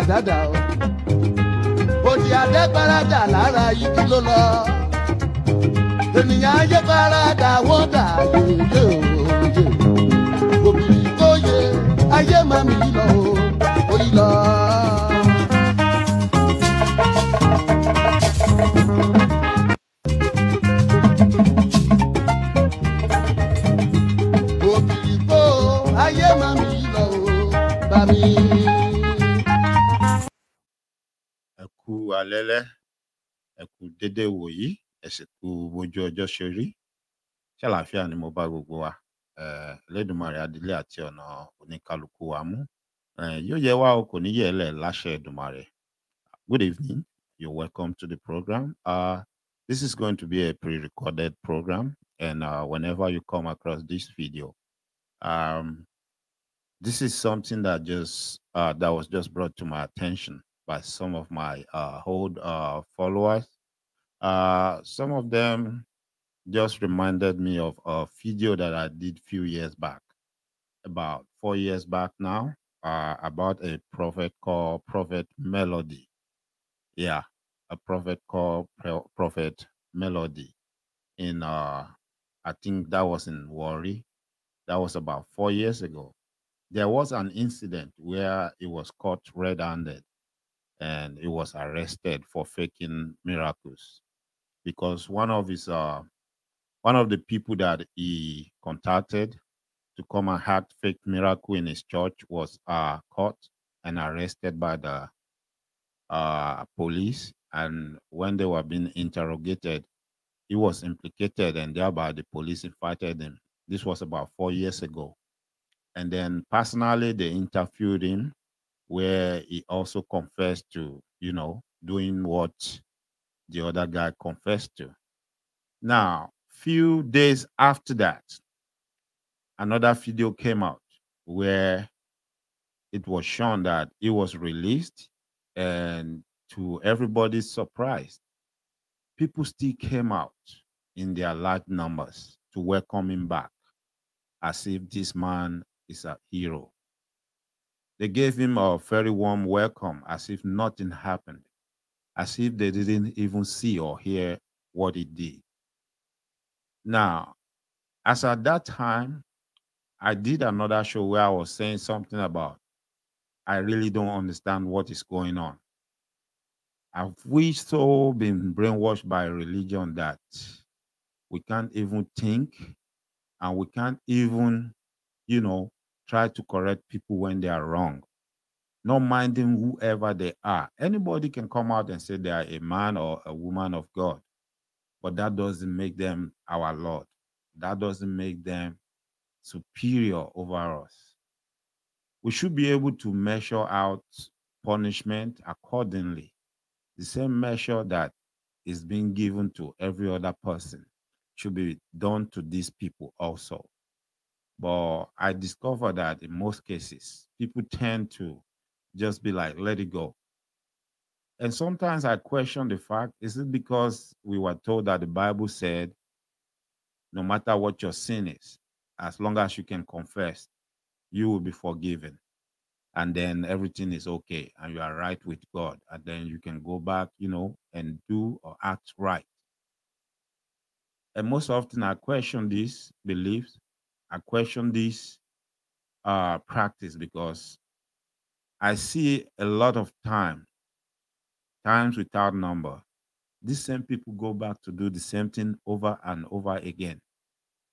àdádà o. Òdì àdẹ́gbàradà lára igi ló lọ. Ènìyàn ayé paradà wọ́n dà lóye òye. Òbí tó yẹ ayé màmí lọ o, òyìn lọ. Òbí tó ayé màmí alẹ́lẹ́ ẹ kú dédé ẹ sì kú bójú ọjọ́ ṣe rí ṣàlàáfíà ni mo bá gbogbo wa adílé àti ọ̀nà oníkálukú wa mú yóò yẹ wá o kò ní yẹ lẹ̀ láṣẹ good evening you're welcome to the program uh, this is going to be a pre-recorded program and uh, whenever you come across this video um, this is something that just uh, that was just brought to my attention by some of my uh, old uh, followers. Uh, some of them just reminded me of a video that I did few years back, about four years back now, uh, about a prophet called Prophet Melody. Yeah, a prophet called Prophet Melody. In uh, I think that was in Worry. That was about four years ago. There was an incident where it was caught red-handed and he was arrested for faking miracles because one of his uh, one of the people that he contacted to come and had fake miracle in his church was uh, caught and arrested by the uh, police. And when they were being interrogated, he was implicated, and thereby the police invited him. This was about four years ago. And then personally, they interviewed him where he also confessed to, you know, doing what the other guy confessed to. Now, few days after that, another video came out where it was shown that he was released and to everybody's surprise, people still came out in their large numbers to welcome him back as if this man is a hero. They gave him a very warm welcome as if nothing happened, as if they didn't even see or hear what he did. Now, as at that time, I did another show where I was saying something about I really don't understand what is going on. Have we so been brainwashed by religion that we can't even think and we can't even, you know, try to correct people when they are wrong, not minding whoever they are. Anybody can come out and say they are a man or a woman of God, but that doesn't make them our Lord. That doesn't make them superior over us. We should be able to measure out punishment accordingly, the same measure that is being given to every other person should be done to these people also. But I discovered that in most cases, people tend to just be like, let it go. And sometimes I question the fact is it because we were told that the Bible said, no matter what your sin is, as long as you can confess, you will be forgiven. And then everything is okay, and you are right with God. And then you can go back, you know, and do or act right. And most often I question these beliefs I question this uh, practice because I see a lot of time, times without number. These same people go back to do the same thing over and over again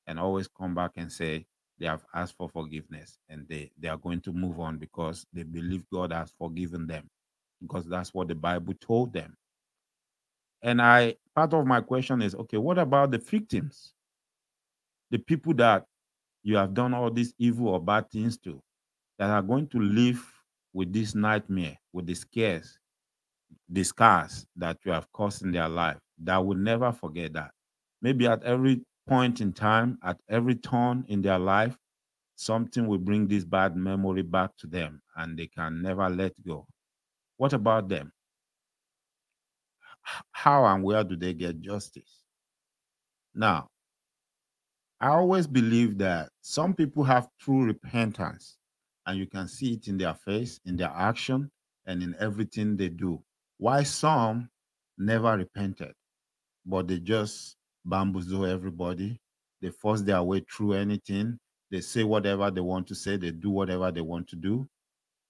and always come back and say they have asked for forgiveness and they, they are going to move on because they believe God has forgiven them because that's what the Bible told them. And I part of my question is okay, what about the victims? The people that you have done all these evil or bad things to that are going to live with this nightmare, with the scares, the scars that you have caused in their life. That will never forget that. Maybe at every point in time, at every turn in their life, something will bring this bad memory back to them and they can never let go. What about them? How and where do they get justice? Now, I always believe that some people have true repentance, and you can see it in their face, in their action, and in everything they do. Why some never repented, but they just bamboozle everybody. They force their way through anything. They say whatever they want to say. They do whatever they want to do.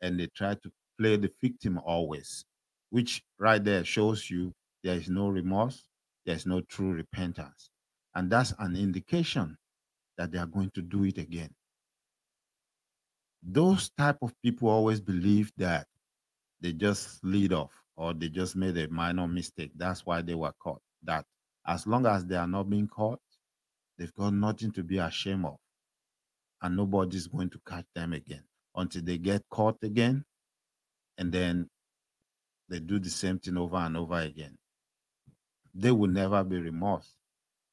And they try to play the victim always, which right there shows you there is no remorse, there's no true repentance. And that's an indication that they are going to do it again. Those type of people always believe that they just lead off or they just made a minor mistake. That's why they were caught. That as long as they are not being caught, they've got nothing to be ashamed of. And nobody's going to catch them again until they get caught again. And then they do the same thing over and over again. They will never be remorse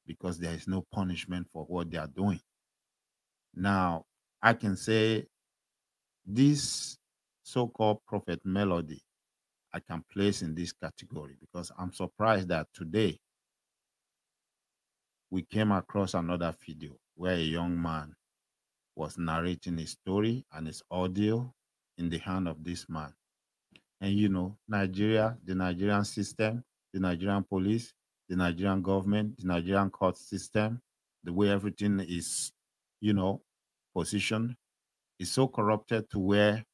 because there is no punishment for what they are doing. Now, I can say this so called prophet melody, I can place in this category because I'm surprised that today we came across another video where a young man was narrating his story and his audio in the hand of this man. And you know, Nigeria, the Nigerian system, the Nigerian police, the Nigerian government, the Nigerian court system, the way everything is, you know, positioned is so corrupted to where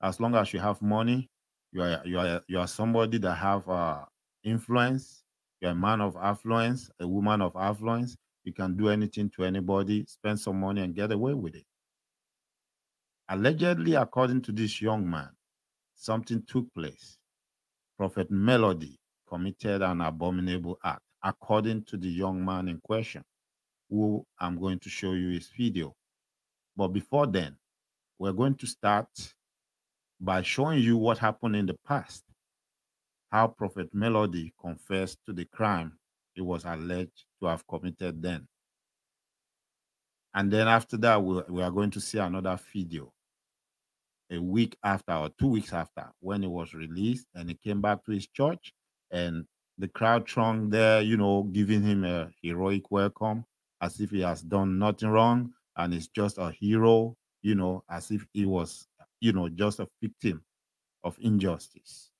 as long as you have money, you are you are you are somebody that have uh, influence, you're a man of affluence, a woman of affluence, you can do anything to anybody, spend some money and get away with it. Allegedly, according to this young man, something took place. Prophet Melody committed an abominable act, according to the young man in question, who I'm going to show you his video. But before then, we're going to start by showing you what happened in the past, how Prophet Melody confessed to the crime he was alleged to have committed then. And then after that, we, we are going to see another video a week after or two weeks after when he was released and he came back to his church and the crowd thronged there, you know, giving him a heroic welcome as if he has done nothing wrong and is just a hero, you know, as if he was, you know, just a victim of injustice.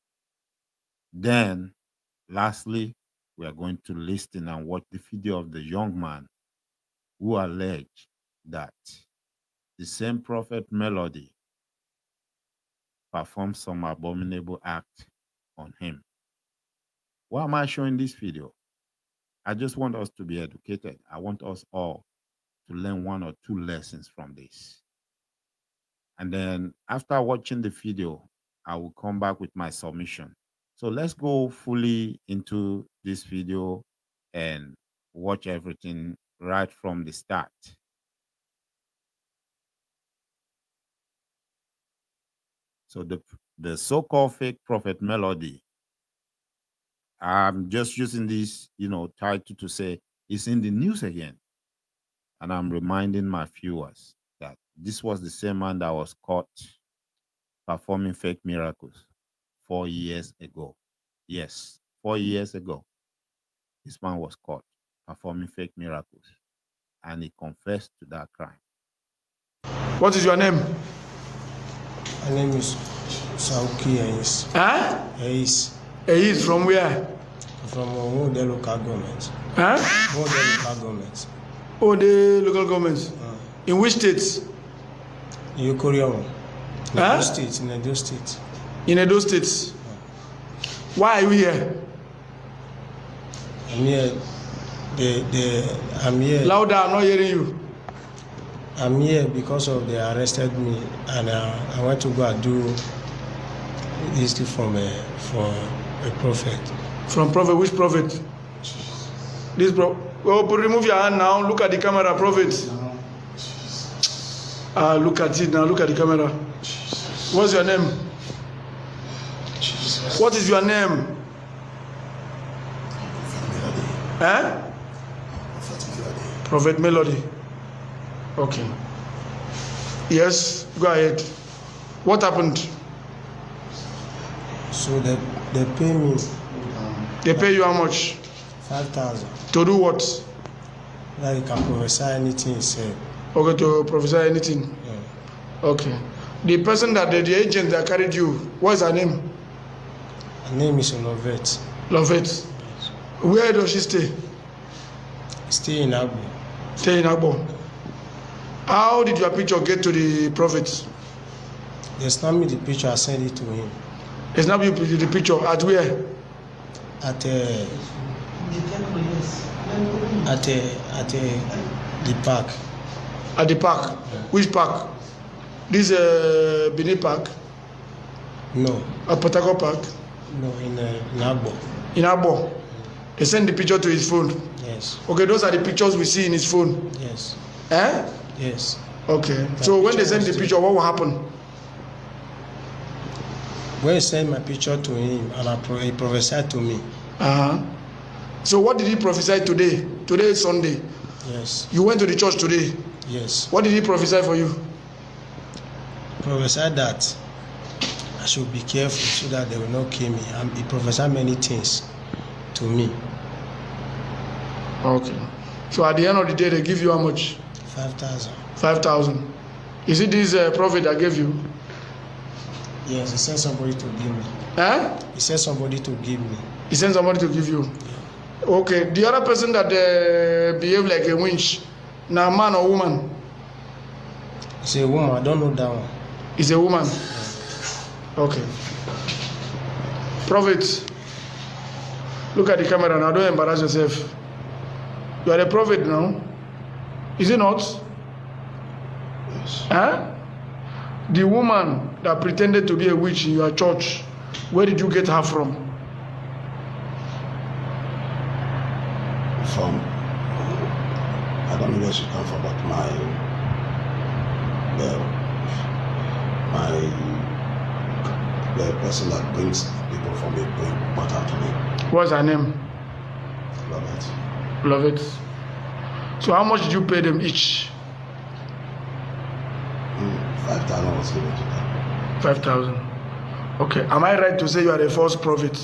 Then, lastly, we are going to listen and watch the video of the young man who alleged that the same prophet Melody performed some abominable act on him. Why am I showing this video? I just want us to be educated. I want us all to learn one or two lessons from this. And then after watching the video, I will come back with my submission. So let's go fully into this video and watch everything right from the start. So the, the so-called fake prophet melody I'm just using this, you know, title to say it's in the news again. And I'm reminding my viewers that this was the same man that was caught performing fake miracles four years ago. Yes, four years ago, this man was caught performing fake miracles and he confessed to that crime. What is your name? My name is Sauki Ais. Huh? Ais. Ais from where? from the local government. Huh? the local government. the local government. Mm. In which state? In Yokorio. In huh? Edo state. In Edo state. In Edo state. Mm. Why are you here? I'm here. The, the, I'm here. Louder, I'm not hearing you. I'm here because of they arrested me and uh, I want to go and do this thing from a, for a prophet. From prophet, which prophet? This prophet. Oh, remove your hand now. Look at the camera, prophet. Ah, look at it now. Look at the camera. What's your name? What is your name? Eh? Prophet Melody. Okay. Yes, go ahead. What happened? So they, they pay me They pay you how much? Five thousand. To do what? That you can prophesy anything he said. Okay, to prophesy anything. Yeah. Okay. The person that the, the agent that carried you, what's her name? Her name is Lovette. Lovette. Where does she stay? Stay in Agbo. Stay in Agbo. How did your picture get to the prophet? They snapped me the picture, I send it to him. They snapped you the picture at where? at uh, at uh, at uh, the park. At the park? Yeah. Which park? This uh, Benin Park? No. At Patago Park? No, in, uh, in Abo. In Abo? They send the picture to his phone? Yes. Okay, those are the pictures we see in his phone? Yes. Eh? Yes. Okay. That so when they send the picture, what will happen? When God sent my picture to him and I pro he prophesied to me. Uh-huh. So what did he prophesy today? Today is Sunday. Yes. You went to the church today. Yes. What did he prophesy for you? He prophesied that I should be careful so that they will not kill me. And he prophesied many things to me. Okay. So at the end of the day, they give you how much? Five thousand. Five thousand. Is it this uh, prophet that gave you? Yes, he sent somebody to give me. Eh? He sent somebody to give me. He sent somebody to give you. Okay, the other person that uh, behaved like a winch, now man or woman? It's a woman. I don't know that one. It's a woman. Okay. Prophet, look at the camera now. Don't embarrass yourself. You are a prophet now. Is it not? Yes. Huh? the woman that pretended to be a witch in your church, where did you get her from? From I don't know where she came from, but my the my the person that brings people from me bring matter to me. What's her name? Love it. Love it. So how much did you pay them each? thousand was given to them. Five thousand. Okay. Am I right to say you are a false prophet?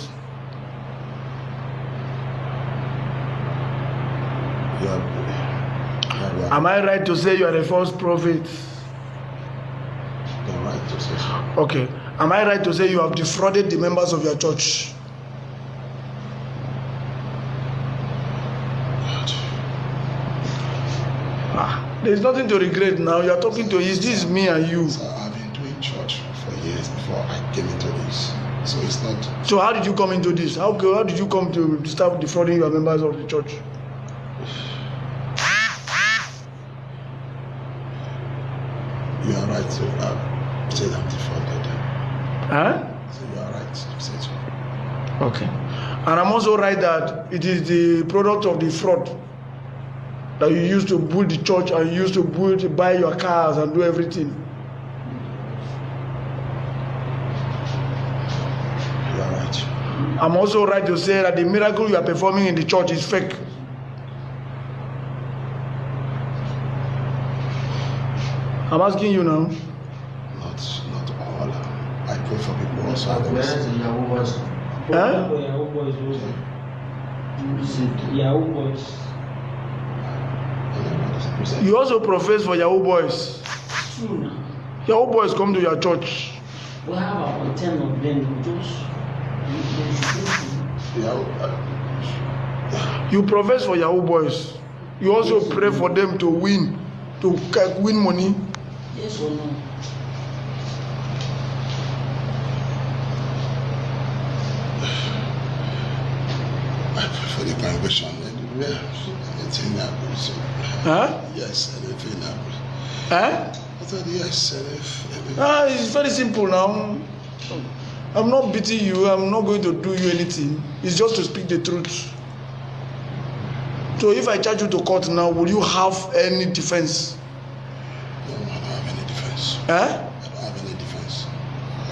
You are, you are. Am I right to say you are a false prophet? You're right to say so. Okay. Am I right to say you have defrauded the members of your church? There's nothing to regret now. You are talking to is this me and you? Sir, I've been doing church for years before I came into this. So it's not. So how did you come into this? How, how did you come to start defrauding your members of the church? You are right to uh, say that defrauded them. Huh? So you are right to say so. Okay. And I'm also right that it is the product of the fraud that you used to build the church and you used to build, buy your cars and do everything. You are right. I'm also right to say that the miracle you are performing in the church is fake. I'm asking you now. Not, not all. I pray for people also. Huh? Yahoo boys. You also profess for Yahoo boys. True. Yahoo boys come to your church. We have about 10 of them. Just. Uh, you profess for Yahoo boys. You also yes, pray for them to win, to win money. Yes or no? I prefer the congregation. Yeah, it's in that. Huh? Yes, and if in Huh? I thought yes, and if. Ah, it's very simple now. I'm not beating you. I'm not going to do you anything. It's just to speak the truth. So if I charge you to court now, will you have any defense? No, I don't have any defense. Huh? I don't have any defense.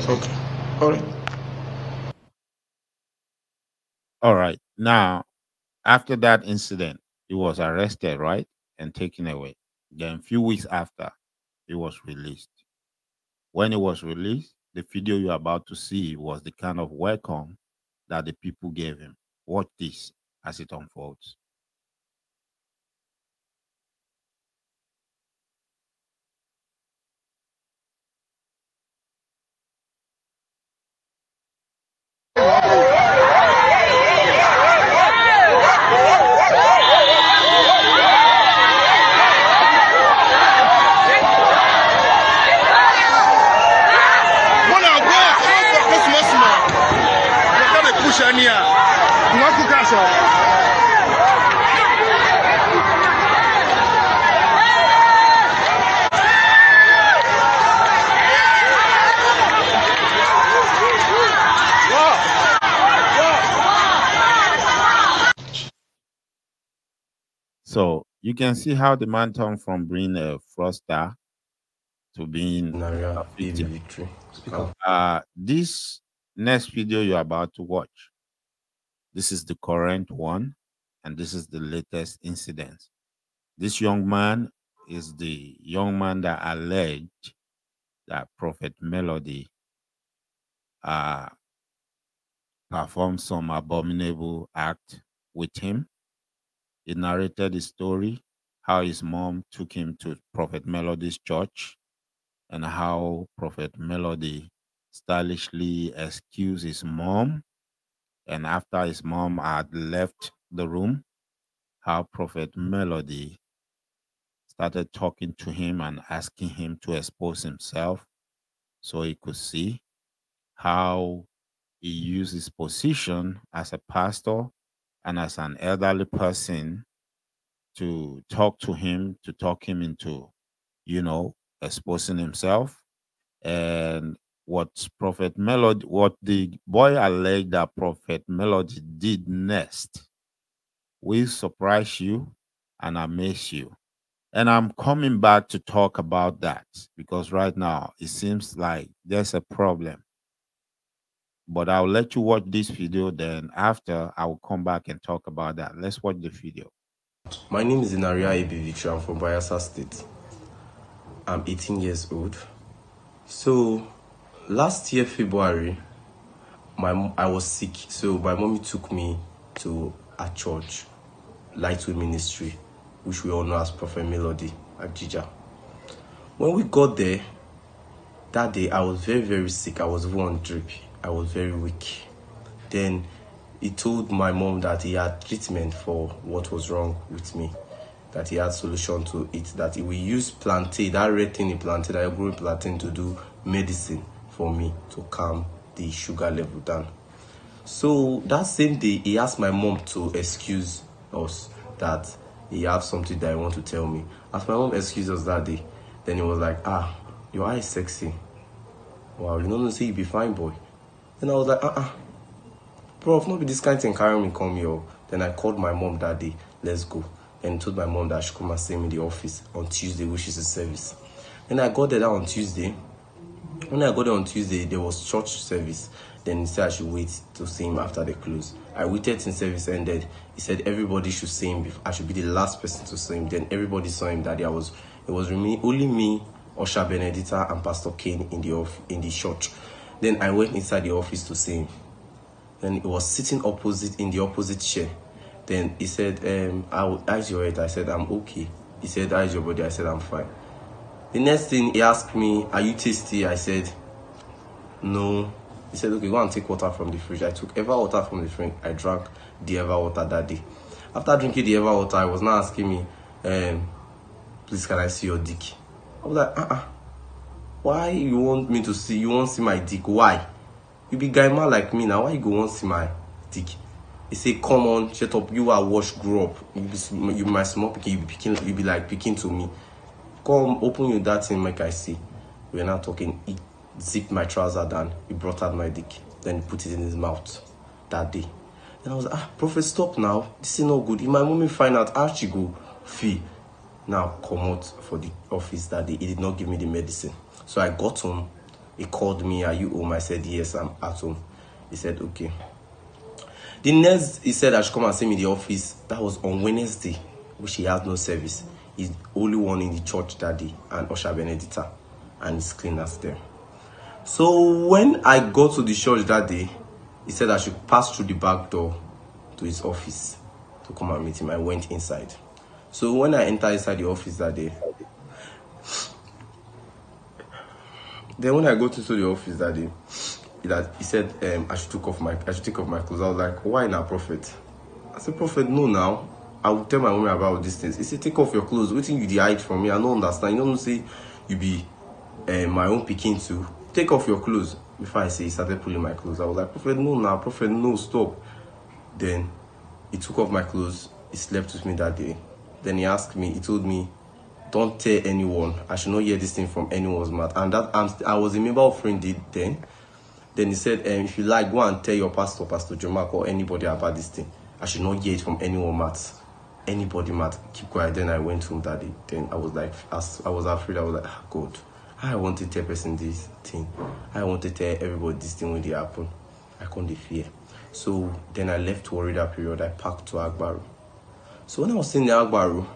Okay. All right. All right. Now, after that incident, he was arrested, right? and taken away. Then, few weeks after, he was released. When he was released, the video you're about to see was the kind of welcome that the people gave him. Watch this as it unfolds. you can see how the man turned from being a fraudster to being a victory. Uh, this next video you're about to watch, this is the current one, and this is the latest incident. This young man is the young man that alleged that Prophet Melody uh, performed some abominable act with him he narrated his story, how his mom took him to Prophet Melody's church, and how Prophet Melody stylishly excused his mom. And after his mom had left the room, how Prophet Melody started talking to him and asking him to expose himself so he could see how he used his position as a pastor and as an elderly person to talk to him to talk him into you know exposing himself and what prophet melody what the boy alleged that prophet melody did next will surprise you and amaze you and i'm coming back to talk about that because right now it seems like there's a problem but I'll let you watch this video. Then after, I will come back and talk about that. Let's watch the video. My name is Inaria Ibivichu. I'm from Bayelsa State. I'm 18 years old. So last year February, my I was sick. So my mommy took me to a church, Lightwood Ministry, which we all know as Prophet Melody at Jija. When we got there, that day I was very very sick. I was on drip I was very weak. Then he told my mom that he had treatment for what was wrong with me, that he had solution to it, that he will use plantain, that red thing he planted, I grew plantain to do medicine for me to calm the sugar level down. So that same day, he asked my mom to excuse us that he have something that he want to tell me. As my mom excused us that day, then he was like, ah, your eye is sexy. Wow, you don't know, say you be fine, boy. And I was like, uh uh-uh. uh Bro, if not be this kind of thing carrying me come here. Then I called my mom that day, let's go. Then I told my mom that she come and see me in the office on Tuesday, which is a service. Then I got there on Tuesday. When I got there on Tuesday, there was church service. Then he said I should wait to see him after the close. I waited till service ended. He said everybody should see him. I should be the last person to see him. Then everybody saw him that I was it was only me, Osha Benedita, and Pastor Kane in the off, in the church. Then I went inside the office to see him. Then he was sitting opposite in the opposite chair. Then he said, um, I will ask your head. I said, I'm okay. He said, How's your body? I said, I'm fine. The next thing he asked me, Are you tasty? I said, No. He said, Okay, go and take water from the fridge. I took ever water from the fridge. I drank the ever water that day. After drinking the ever water, I was now asking me, um, Please, can I see your dick? I was like, Uh uh why you want me to see you want see my dick why you be guy man like me now. why you go want see my dick He say come on shut up you are wash grow up you be you be my small pikin you be you be like picking to me come open your that thing make i see we are now talking he zipped my trouser down he brought out my dick then he put it in his mouth that day then i was like ah prophet stop now this is no good if my mommy find out how she go fee. now come out for the office that day he did not give me the medicine so I got home. He called me, Are you home? I said, Yes, I'm at home. He said, Okay. The next, he said, I should come and see me in the office. That was on Wednesday, which he had no service. He's only one in the church that day, and Usher Benedicta and his cleaners there. So when I got to the church that day, he said I should pass through the back door to his office to come and meet him. I went inside. So when I entered inside the office that day, Then when I got into the office that day, that he said um, I should take off my I should take off my clothes. I was like, why now, prophet? I said, prophet, no now. I will tell my woman about these things. He said, take off your clothes. Waiting you you hide from me? I don't understand. You don't say you be uh, my own picking too. Take off your clothes. Before I say, he started pulling my clothes. I was like, prophet, no now, prophet, no, stop. Then he took off my clothes. He slept with me that day. Then he asked me. He told me don't tell anyone. I should not hear this thing from anyone's mouth. And that I'm, i was a member of Friend did then. Then he said, um, if you like, go and tell your pastor, Pastor Jomak, or anybody about this thing. I should not hear it from anyone's mouth. Anybody mouth. Keep quiet. Then I went home that day. Then I was like, as I was afraid. I was like, ah, God, I want to tell person this thing. I want to tell everybody this thing when it happen. I can't fear. So then I left worry that period. I packed to Agbaru. So when I was in the Agbaru,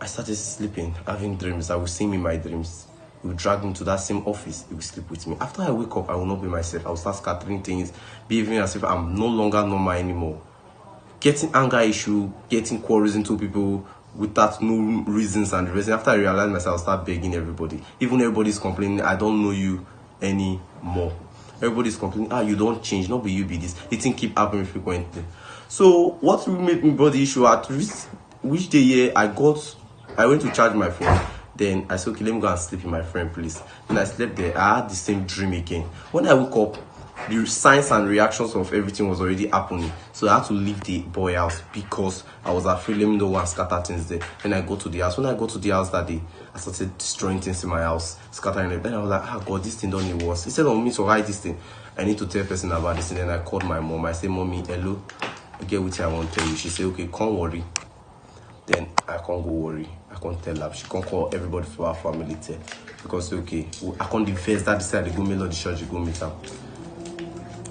I started sleeping, having dreams. I will see me in my dreams. He will drag me to that same office. He will sleep with me. After I wake up, I will not be myself. I will start scattering things, behaving as if I'm no longer normal anymore. Getting anger issue, getting quarrels into people without no reasons and reason. After I realized myself, I'll start begging everybody. Even everybody's complaining, I don't know you anymore. Everybody's complaining, ah, you don't change, not be you be this. It didn't keep happening frequently. So what made me body issue at which day I got I went to charge my phone. Then I said, okay, let me go and sleep in my friend place. Then I slept there. I had the same dream again. When I woke up, the signs and reactions of everything was already happening. So I had to leave the boy house because I was afraid let me know and scatter things there. Then I go to the house. When I go to the house that day, I started destroying things in my house, scattering it. Then I was like, ah, God, this thing done it worse. Instead of me to write this thing, I need to tell a person about this. And then I called my mom. I said, mommy, hello, I get what I want to tell you. She said, okay, come not worry. Then I can't go worry. I can't tell her. She can't call everybody for our family tell. Because okay, I can't defense that this side they go meet Lord the church, they go meet am.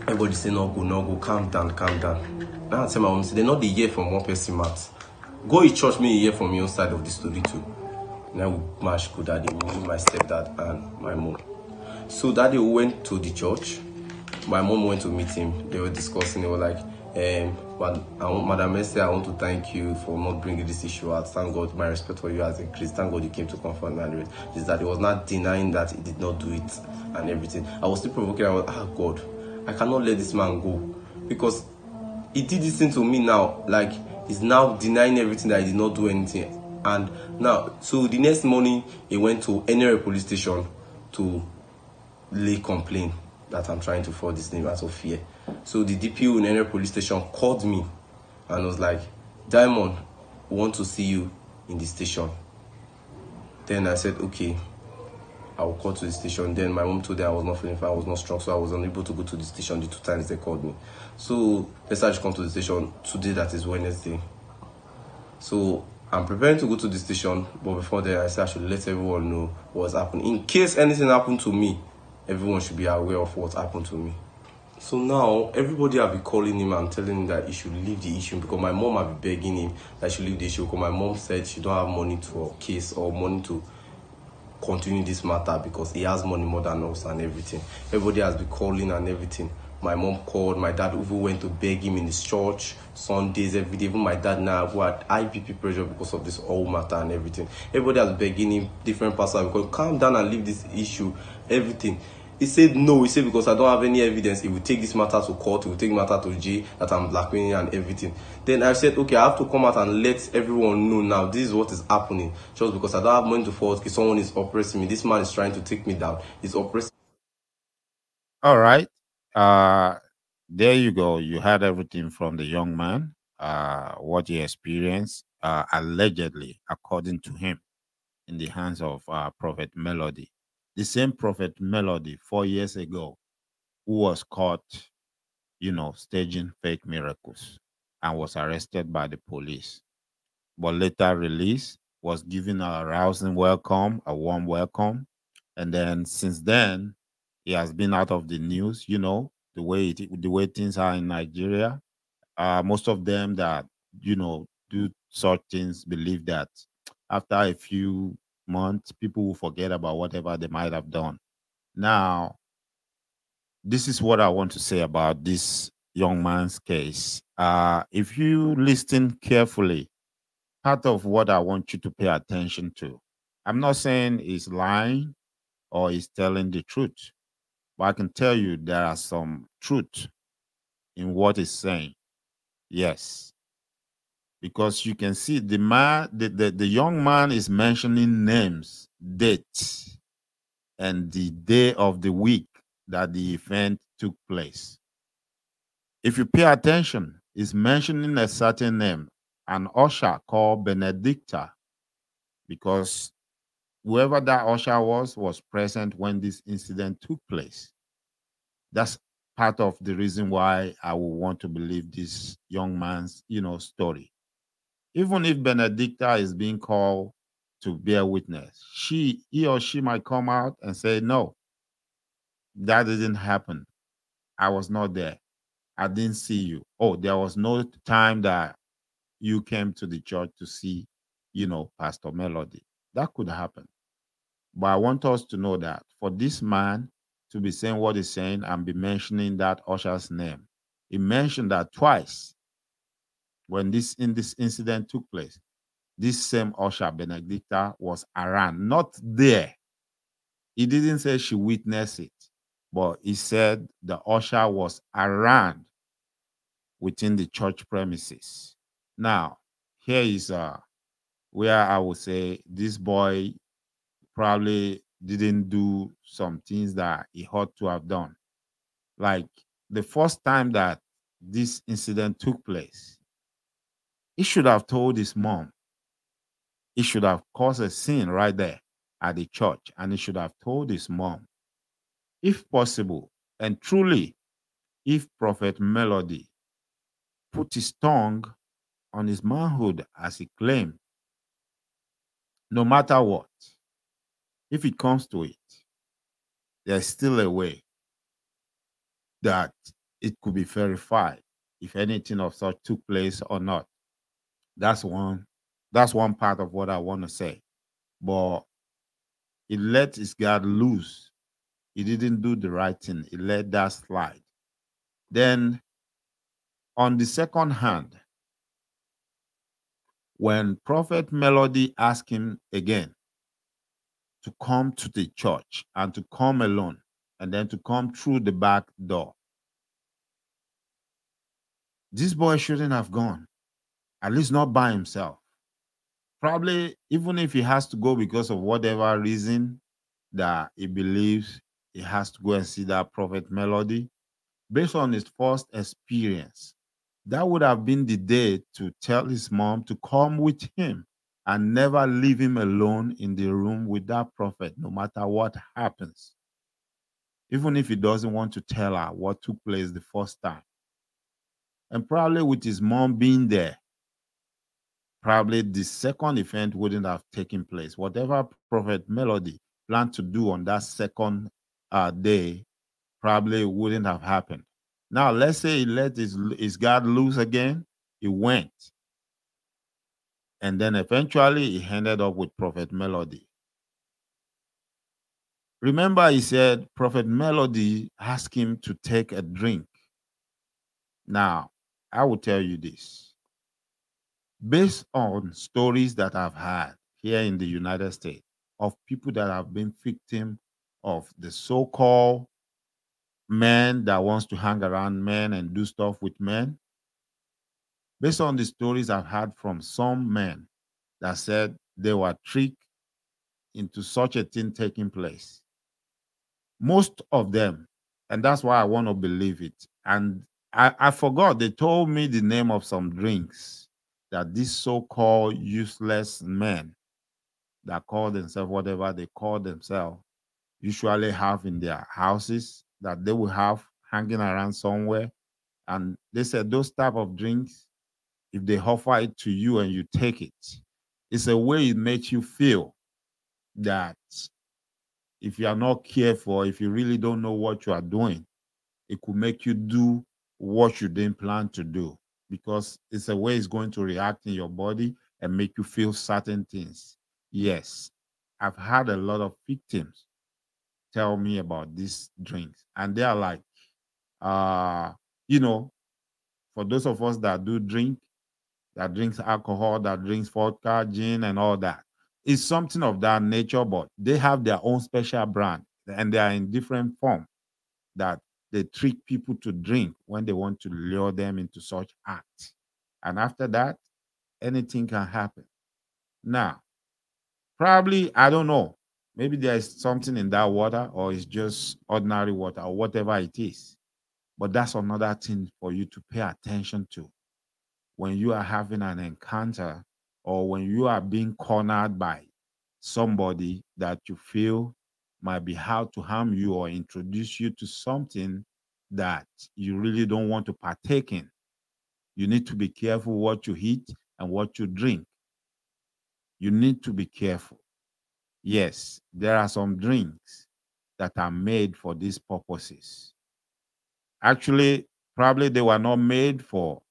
Everybody say no go, no go, calm down, calm down. Now I tell my mom, say they not the year from one person mouth. Go to church, me hear from your side of the story too. Now we mash go daddy, me, my stepdad and my mom. So daddy went to the church. My mom went to meet him. They were discussing, they were like, Um, but Madam Esther, I want to thank you for not bringing this issue out. Thank God, my respect for you has increased. Thank God you came to comfort me is that it was not denying that he did not do it and everything. I was still provoking. I was, ah, God, I cannot let this man go because he did this thing to me now. Like he's now denying everything that he did not do anything. And now, so the next morning, he went to NRA police station to lay complaint that I'm trying to forge this name out of fear. So the DPO in Enel police station called me and was like, Diamond, want to see you in the station. Then I said, okay, I will call to the station. Then my mom told me I was not feeling fine, I was not strong, so I was unable to go to the station the two times they called me. So let's to come to the station today, that is Wednesday. So I'm preparing to go to the station, but before that, I said I should let everyone know what's happened. In case anything happened to me, everyone should be aware of what happened to me. So now everybody have been calling him and telling him that he should leave the issue because my mom have been begging him that he should leave the issue because my mom said she don't have money to case or money to continue this matter because he has money more than us and everything. Everybody has been calling and everything. My mom called, my dad even went to beg him in his church, Sundays, every day. Even my dad now who had IPP pressure because of this whole matter and everything. Everybody has begging him, different pastors, because calm down and leave this issue everything. He said no, he said because I don't have any evidence. He will take this matter to court, he will take matter to J that I'm blackmailing and everything. Then I said, okay, I have to come out and let everyone know now this is what is happening. Just because I don't have money to force, someone is oppressing me. This man is trying to take me down. He's oppressing. All right. Uh there you go. You had everything from the young man, uh, what he experienced, uh, allegedly, according to him, in the hands of uh, Prophet Melody the same prophet Melody four years ago, who was caught, you know, staging fake miracles and was arrested by the police, but later released, was given a rousing welcome, a warm welcome. And then since then, he has been out of the news, you know, the way it, the way things are in Nigeria. Uh, most of them that, you know, do such things believe that after a few months, people will forget about whatever they might have done. Now, this is what I want to say about this young man's case. Uh, if you listen carefully, part of what I want you to pay attention to, I'm not saying he's lying or he's telling the truth, but I can tell you there are some truth in what he's saying. Yes, because you can see the man the, the, the young man is mentioning names dates and the day of the week that the event took place if you pay attention is mentioning a certain name an usher called benedicta because whoever that usher was was present when this incident took place that's part of the reason why i would want to believe this young man's you know story even if Benedicta is being called to bear witness, she he or she might come out and say, No, that didn't happen. I was not there. I didn't see you. Oh, there was no time that you came to the church to see, you know, Pastor Melody. That could happen. But I want us to know that for this man to be saying what he's saying and be mentioning that usher's name, he mentioned that twice when this in this incident took place, this same usher Benedicta was around, not there. He didn't say she witnessed it, but he said the usher was around within the church premises. Now, here is uh, where I would say this boy probably didn't do some things that he ought to have done. Like the first time that this incident took place, he should have told his mom. He should have caused a scene right there at the church, and he should have told his mom. If possible, and truly, if Prophet Melody put his tongue on his manhood as he claimed, no matter what, if it comes to it, there's still a way that it could be verified if anything of such took place or not. That's one. That's one part of what I want to say. But he let his guard loose. He didn't do the right thing. He let that slide. Then, on the second hand, when Prophet Melody asked him again to come to the church and to come alone and then to come through the back door, this boy shouldn't have gone at least not by himself. Probably, even if he has to go because of whatever reason that he believes he has to go and see that prophet Melody, based on his first experience, that would have been the day to tell his mom to come with him and never leave him alone in the room with that prophet, no matter what happens. Even if he doesn't want to tell her what took place the first time. And probably with his mom being there, probably the second event wouldn't have taken place. Whatever Prophet Melody planned to do on that second uh, day probably wouldn't have happened. Now, let's say he let his, his guard loose again, he went. And then eventually he ended up with Prophet Melody. Remember, he said Prophet Melody asked him to take a drink. Now, I will tell you this based on stories that I've had here in the United States of people that have been victim of the so-called man that wants to hang around men and do stuff with men. Based on the stories I've had from some men that said they were tricked into such a thing taking place. Most of them, and that's why I want to believe it. And I, I forgot, they told me the name of some drinks that these so-called useless men that call themselves whatever they call themselves usually have in their houses that they will have hanging around somewhere and they said those type of drinks if they offer it to you and you take it it's a way it makes you feel that if you are not careful if you really don't know what you are doing it could make you do what you didn't plan to do because it's a way it's going to react in your body and make you feel certain things. Yes, I've had a lot of victims tell me about these drinks, and they are like, uh, you know, for those of us that do drink, that drinks alcohol, that drinks vodka, gin, and all that, it's something of that nature, but they have their own special brand and they are in different form that they trick people to drink when they want to lure them into such acts. And after that, anything can happen. Now, probably, I don't know, maybe there's something in that water or it's just ordinary water or whatever it is. But that's another thing for you to pay attention to when you are having an encounter or when you are being cornered by somebody that you feel might be how to harm you or introduce you to something that you really don't want to partake in. You need to be careful what you eat and what you drink. You need to be careful. Yes, there are some drinks that are made for these purposes. Actually, probably they were not made for,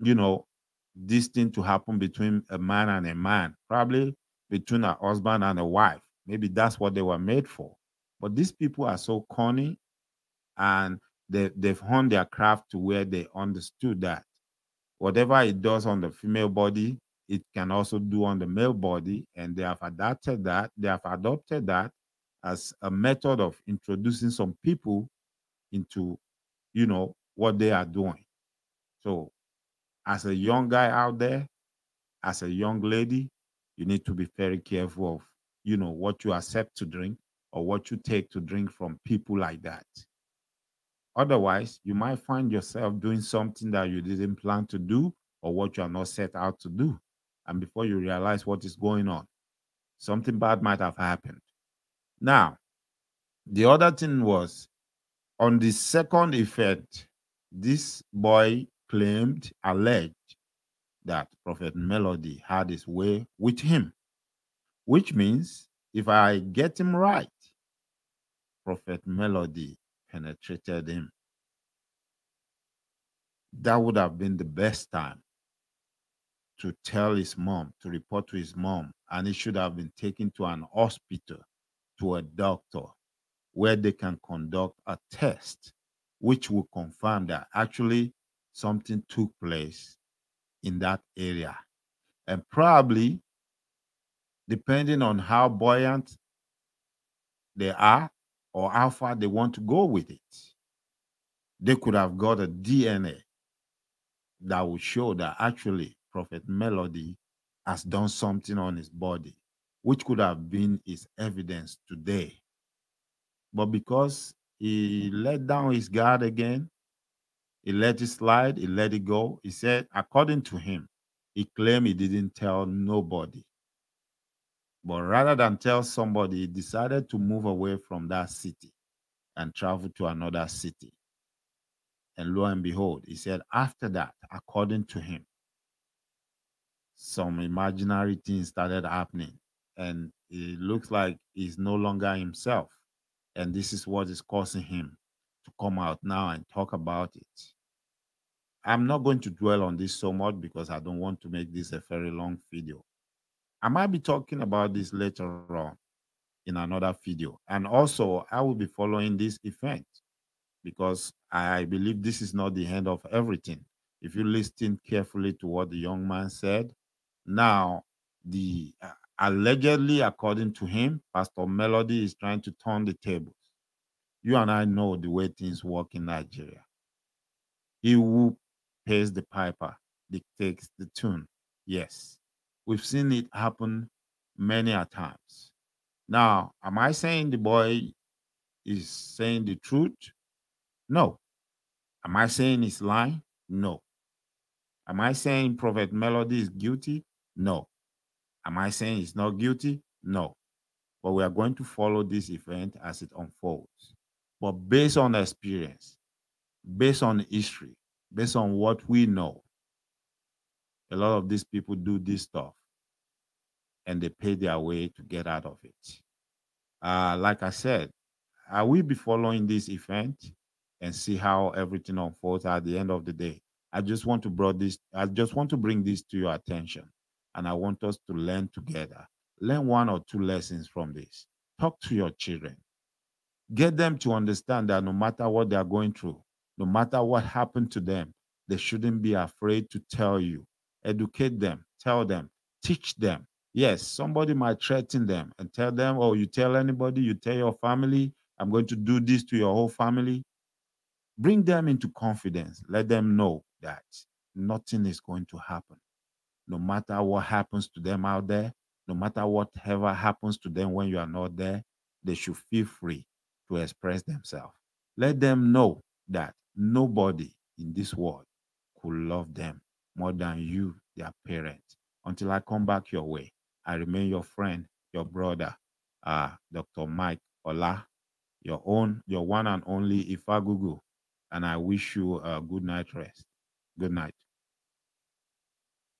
you know, this thing to happen between a man and a man, probably between a husband and a wife. Maybe that's what they were made for. But these people are so corny and they, they've honed their craft to where they understood that whatever it does on the female body, it can also do on the male body. And they have adapted that, they have adopted that as a method of introducing some people into, you know, what they are doing. So as a young guy out there, as a young lady, you need to be very careful of you know, what you accept to drink or what you take to drink from people like that. Otherwise, you might find yourself doing something that you didn't plan to do or what you are not set out to do. And before you realize what is going on, something bad might have happened. Now, the other thing was on the second effect, this boy claimed, alleged that Prophet Melody had his way with him which means if I get him right, Prophet Melody penetrated him. That would have been the best time to tell his mom, to report to his mom, and he should have been taken to an hospital, to a doctor, where they can conduct a test, which will confirm that actually something took place in that area. And probably depending on how buoyant they are or how far they want to go with it. They could have got a DNA that would show that actually Prophet Melody has done something on his body, which could have been his evidence today. But because he let down his guard again, he let it slide, he let it go. He said, according to him, he claimed he didn't tell nobody. But rather than tell somebody, he decided to move away from that city and travel to another city. And lo and behold, he said, after that, according to him, some imaginary things started happening. And it looks like he's no longer himself. And this is what is causing him to come out now and talk about it. I'm not going to dwell on this so much because I don't want to make this a very long video. I might be talking about this later on in another video. And also, I will be following this event because I believe this is not the end of everything. If you listen carefully to what the young man said, now the uh, allegedly, according to him, Pastor Melody is trying to turn the tables. You and I know the way things work in Nigeria. He who pays the piper dictates the tune. Yes. We've seen it happen many a times. Now, am I saying the boy is saying the truth? No. Am I saying he's lying? No. Am I saying Prophet Melody is guilty? No. Am I saying he's not guilty? No. But we are going to follow this event as it unfolds. But based on experience, based on history, based on what we know, a lot of these people do this stuff and they pay their way to get out of it. Uh, like I said, I will be following this event and see how everything unfolds at the end of the day. I just want to brought this, I just want to bring this to your attention. And I want us to learn together. Learn one or two lessons from this. Talk to your children. Get them to understand that no matter what they are going through, no matter what happened to them, they shouldn't be afraid to tell you. Educate them, tell them, teach them Yes, somebody might threaten them and tell them, oh, you tell anybody, you tell your family, I'm going to do this to your whole family. Bring them into confidence. Let them know that nothing is going to happen. No matter what happens to them out there, no matter whatever happens to them when you are not there, they should feel free to express themselves. Let them know that nobody in this world could love them more than you, their parent. Until I come back your way, I remain your friend, your brother, uh, ah, Dr. Mike Ola, your own, your one and only Ifagugu. And I wish you a good night rest. Good night.